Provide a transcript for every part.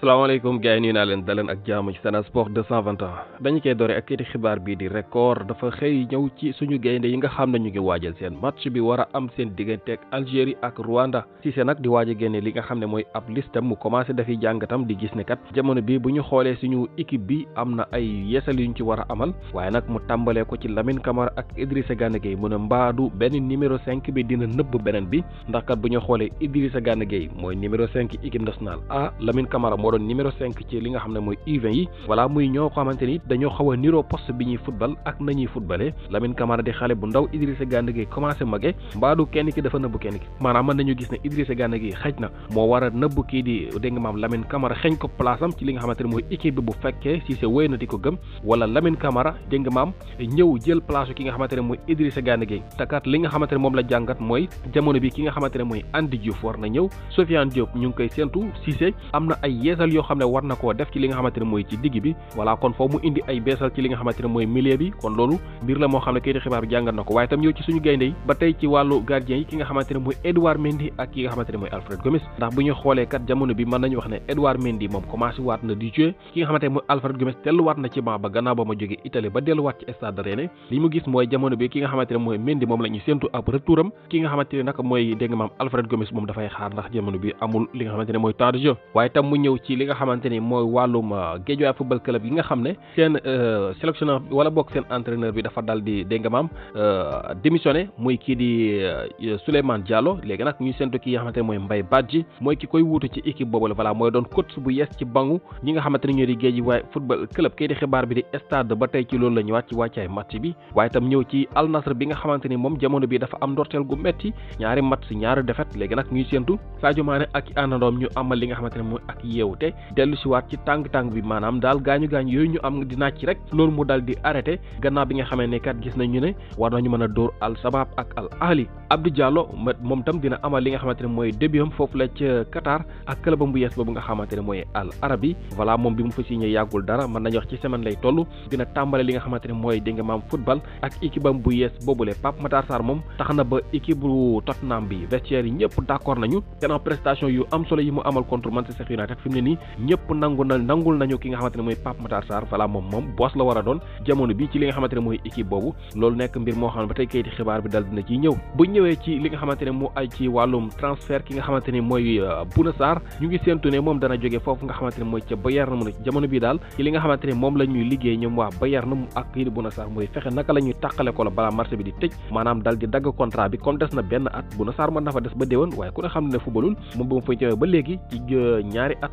salam gars gay ñu na leen dalen ak jaamu ci sana Sport ans dañ koy doore ak kiti xibaar bi di record dafa xey ñew ci suñu gaynde yi nga xamna ñu ngi wajjal seen match bi wara am seen digënté ak Algérie ak Rwanda Cissé nak di waaj a li nga xamne moy ab liste mu commencé dafi jangatam di gis ne kat jamono bi bu ñu suñu équipe bi amna ay yeesal yuñ ci wara amal waye nak mu tambalé ko ci Lamine Camara ak Idrissa gane Gueye mëna mbaadu ben numéro 5 bi dina neub benen bi ndax kat bu ñu xoolee Idrissa gane Gueye moy numéro 5 équipe nationale A Lamine Camara moo doon numéro 5 ci li nga xam ne mooy u yi voilà muy ñoo xamante ni dañoo xaw niroo poste bi ñuy football ak nañuy footballé Lamine Camara di xale bu ndaw Idrissa Gana Gueye commencé mage mbaadu kenn ki dafa nëbb kenn ki maanaam mën nañu gis ne Idrissa Gana Gueye xëj na moo war nëbb kii di dégg maam Lamine Camara xeeñ ko place ci li nga xamante mooy équipe bi bu fekkee Cissé wéy na di ko gëm wala Lamine Camara dégg maam ñëw jël place ki nga xamante ne beesal yoo xam ne war na koo def ci li nga xamante ne mooy ci digg bi ñu xoolee jamono bi mën nañu wax ne Edouard Mendy moom commencé waat na di jouer ki nga xamante ne mooy Alfred Gomis delluwaat na ci banc ba gannaaw ba ma jógee Italie ba delluwaat ci stade Rennais li mu gis mooy jamono bi ki nga xamante ne mooy Mendy moom la séentu ab retouram ki nga xamante ne nag mooy dégg Alfred Gomis moom dafay xaar ndax jamono bi amul li nga xamante ne mooy temps de waaye tam mu ñëw ci li nga xamante ni mooy wàllum euh, Guédiawaye football club yi nga xam ne seen euh, sélectionneur wala boog seen entraîneur bi dafa dal di dégg nga maam euh, démissionné muy kii di Souleymane Diallo léegi nag ñu séntu ki nga xamante ne mooy Mbaye Badji ki koy wuutu ci équipe boobu la mooy doon coach bu yees ci bangu ñi nga xamante di Guédiawaye football club kii di xibaar bi di ba tey ci loolu la ñëwaat ci wàccaay match bi waaye itam ñëw ci Al Nassr bi nga xamante ni moom jamono bi dafa am ndorteel gu metti ñaari match ñaari défaite léegi nag ñuy séntu Sadio ak àndandoom ñu amal li nga xamante ne mooy ak yeewu wuute delu ci wat ci tang tang bi manam dal gañu gañ yoy ñu am di ci rek lool mu dal di arrêté ganna bi nga xamé né kat gis nañu né war nañu mëna a al sabab ak al ahli abdou diallo mom tam dina amal li nga xamante moy mooy débutam foofu la ci qatar ak clubam bu yes bobu nga xamante moy al arabi voilà mom bi mu fa signé yagul dara man nañ wax ci semaine lay tollu dina tambalé li nga xamante moy mooy maam football ak équipe bu yes bobu boobule pap matar sar mom taxna ba équipe bu tottenham bi vestiaire yi ñepp d'accord accord nañu gannaaw prestation yu am solo yi mu amal contre manchester united fimné ni ñepp nangul na nangul nañu ki nga xamanteni moy Pape Matar sar fala mom mom boss la wara don jamono bi ci li nga xamanteni moy équipe bobu loolu nek mbir mo xamne batay kayiti xibaar bi dal dina ci ñew bu ñewé ci li nga xamanteni mu ay ci walum transfert ki nga xamanteni moy euh, buna sar ñu ngi sentu ne mom dana joggé fofu nga xamanteni moy ci Bayern mu jamono bi dal ci li nga xamanteni mom lañuy liggé ñom wa Bayern ak yi buna sar moy fexé naka lañuy takalé ko la bala marché bi di tej manam dal di dag contrat bi comme dess na ben at buna sar man dafa dess ba deewon waye ku ne xamne footballul mom bu mu fay jëwé ba légui ci euh, ñaari at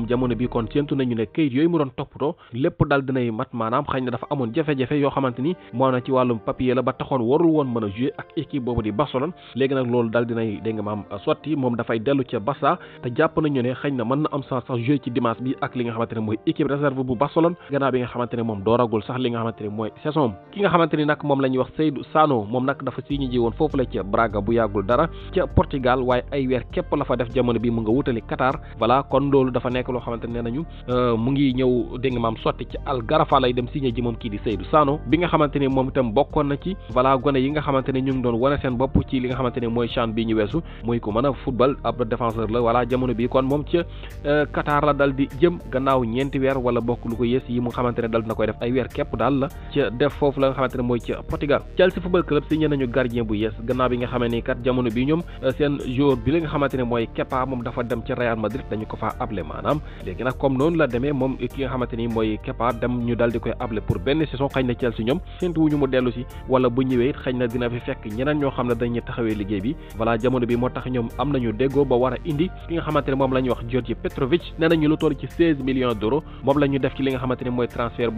mom jamono bi kon centu nañu ne kayit yoy mu doon toppatoo lepp dal dinaay mat manam xagn dafa amone jafe-jafe yo xamanteni mo na ci walum papier la ba taxone warul won meuna jouer ak équipe bobu di Barcelone légui nak loolu dal dinaay de nga maam mom da fay delu ci Barça te japp nañu ne xagn na mën na am sans sax jouer ci dimanche bi ak li nga xamanteni moy équipe réserve bu Barcelone gëna bi nga xamanteni mom do ragul sax li nga xamanteni moy saison ki nga xamanteni nak mom moom wax Seydou Sano mom nak dafa signé ji won fofu la ci Braga bu yagul dara ci Portugal waaye ay weer kep la fa def jamono bi mu nga wutali Qatar wala kon loolu dafa nek loo xamante ne nañu euh, mu ngi ñëw dégg nga maam sotti ci Al Garafa lay dem signé ji kii di Seydou bi nga xamante mooy ca Qatar ca def football club signé nañu gardien bu yees gannaaw bi nga xamee kat jamono bi ñoom euh, seen joueur bi li nga xamante mooy Kepa moom dafa dem ca Real Madrid dañu ko faa able maanaam léegi nag comme noonu la demee moom ki nga xamante ni mooy Kepa dem ñu dal di koy able pour na ñoo xam ne dañuy taxawee liggéey bi voilà jamono bi moo tax ñoom am nañu a indi nga xamante ne moom la ñuy wax Georgi Petrovic nee nañu lu toll ci 16 millions d'euros moom la ñu def ci li nga xamante a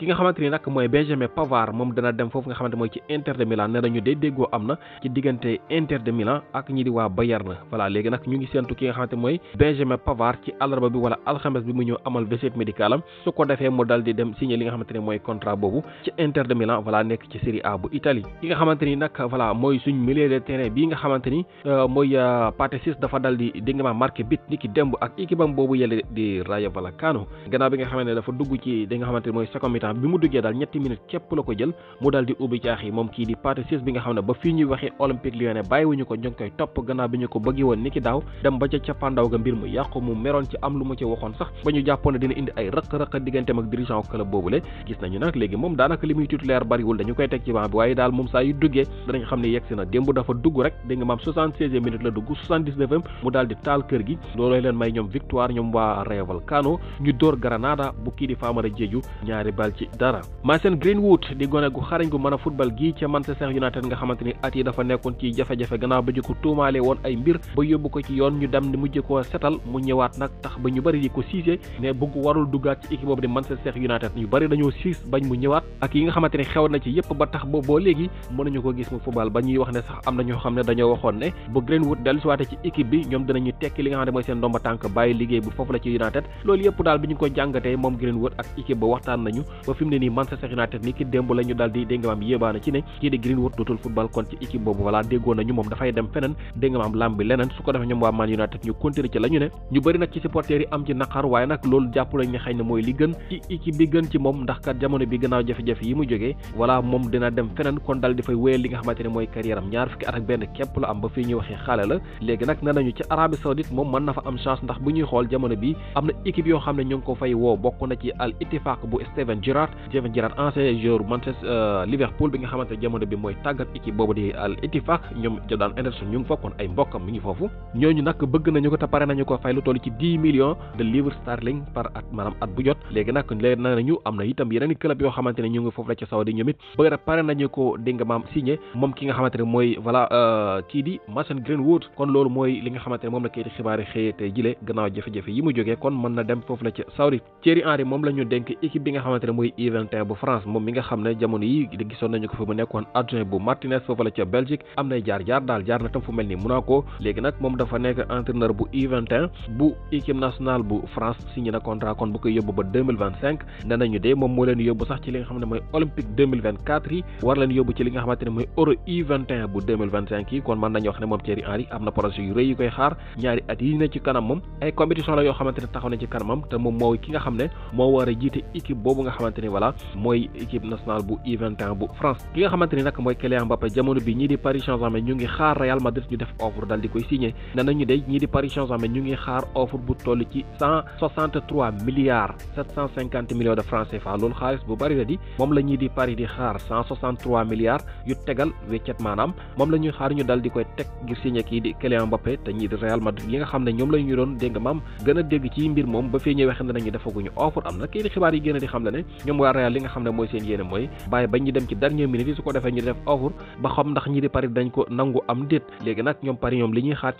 xamante ni nag mooy Benjamin Pavard moom dana dem foofu nga xamante mooy ci Inter de Milan nee nañu dee déggoo am na ci diggante Inter de Milan ak ñi di waa Bayern voilà légui nak ñu ngi sentu ki nga xamanté moy Benjamin Pavard ci Alarba bi wala alxames bi mu ñëw amal visite médicale su ko défé mu daldi di dem signer li nga xamanté moy contrat bobu ci Inter de Milan wala nek ci Serie A bu Italie ki nga xamanté ni nag voilà mooy milieu de terrain bi nga xamanté ni euh, moy euh, dafa daldi di dégg ma marqué bit ni ki demb ak équipe bobu yele di Rayo Vallecano gëna bi nga xamanté dafa dugg ci li nga xamanté moy mooy second mi-temps bi mu duggé dal ñetti minutes képp la ko jël mu daldi di ubi axi mom ki di Pathé Ciss bi nga xam ba bayu ñuy waxee Olympique Lyonnais bayiwuñu ko ñong koy top gëna bi ñu ko bëggi woon ki dem ba ca cappaandaw ga mbir mu yàqu mu meroon ci am lu mu ci waxoon sax ba ñu jàppoon dina indi ay rëq-rëq digganteem ak dirigeant club boobule gis nañu nag léegi moom daanaka li muy titulaire dañu koy teg ci banc bi waaye daal moom saa yu duggee danañ xam ne yegsi na démb dafa dugg rek dégg nga maam Greenwood di gone gu xarañ gu mën football gii ca Manchester United nga xamante at yi dafa nekkoon ci jafe-jafe gannaaw ba ñu ko yóbbu ko ci yoon ñu dem di mujj koo setal mu ñëwaat nag tax ba ñu bëri di ko siise ne bëgg warul duggaat ci équipe boobu di Manchester United ñu bëri dañoo siis bañ mu ñëwaat ak yi nga xamante ne xew na ci yëpp ba tax ba boo ci ne mooy Greenwood ak football kon ci équipe boobu voilà déggoon nañu moom dafay dem feneen dégg maam leneen su ko defee ñoom waa Man United ñu continuer ci la ñu ne ñu bëri nag ci supporters yi am ci naqar waaye nag loolu jàpp nañ ne na mooy li gën ci équipe bi gën ci moom ndax kat jamono bi gannaaw jafe-jafe yi mu jógee voilà moom dina dem feneen kon dal dafay wéyal li nga xamante ne mooy carrière am ñaar fukki at ak benn képp la am ba fii ñuy waxee xaale la léegi nag nee nañu ci Arabie Saoudite moom mën na fa am chance ndax bu ñuy xool jamono bi am na équipe yoo ne ñu ngi ko fay woo bokk na ci Al Ittifaq bu Steven Gerrard Steven Gerrard ancien joueur Manchester euh, Liverpool bi nga xamante ne jamono bi mooy tàggat équipe boobu di Al Ittifaq ñu ngi fa ay mbokkam mi ngi foofu ñooñu nag bëgg nañu ko te pare nañu ko fay lu toll ci dix millions de livres sterling par at maanaam at bu jot léegi nag leer nañu am na itam yeneen i club yoo xamante ne ñu ngi foofu la ca Saudi moom ki nga xamante ne mooy voilà euh, kii di Mason Greenwood kon loolu mooy li nga xamante ne moom la kayiti xibaar yi xëyee tey jële gannaaw jafe-jafe yi mu jógee kon mën na dem foofu la ca Saudi Thierry Henry moom la ñu dénk équipe bi nga xamante ne mooy U21 bu France moom mi nga xam ne jamono yi gisoon nañu ko fi mu nekkoon adjoint bu Martinez foofu la ca Belgique am nay jaar jaar daal jaar na tam fu mel moom dafa nekk entraîneur bu u bu équipe nationale bu France signé na contrat kon bu koy yóbbu ba deux de moom moo leen yóbbu sax ci li nga xam ne mooy olympique bu deux bu u bu France ki nga xamante ni nag mooy Kylian Mbappé jamono bi ñii di Paris Saint-Germain ñu ngi xaar Real Madrid ñu def offre dal di koy signé ne nañu day ñi di Paris Saint-Germain ñu ngi xaar offre bu toll ci 163 milliards 750 millions de francs CFA lool xaaliss bu bari la di mom la ñi di Paris di xaar 163 milliards yu tégal weccet manam mom la ñuy xaar ñu dal di koy tek gir signé ki di Kylian Mbappé te ñi di Real Madrid yi nga xam ñom la ñu doon dégg mam gëna dégg ci mbir mom ba fi ñëwee xëna nañu nañu defaguñu offre amna na di xibaar yi gëna di xam la né ñom wa Real li nga xam moy seen yéene moy baye bañ ñi dem ci dernier minute su ko défé ñu def offre ba xam ndax ñi di Paris dañ ko nangu am déet légui nak ñom Paris ñom li ñuy xaar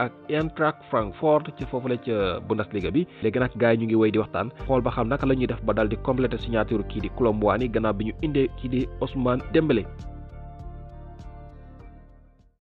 ak Eintracht Francfort ci foofu la ca Bundesliga bi léegi nag gars yi ñu ngi wéy di waxtaan xool ba xam naka la ñuy def ba daal di complété signature kii di Colomboani gannaaw bi ñu indee kii di Ousmane démbale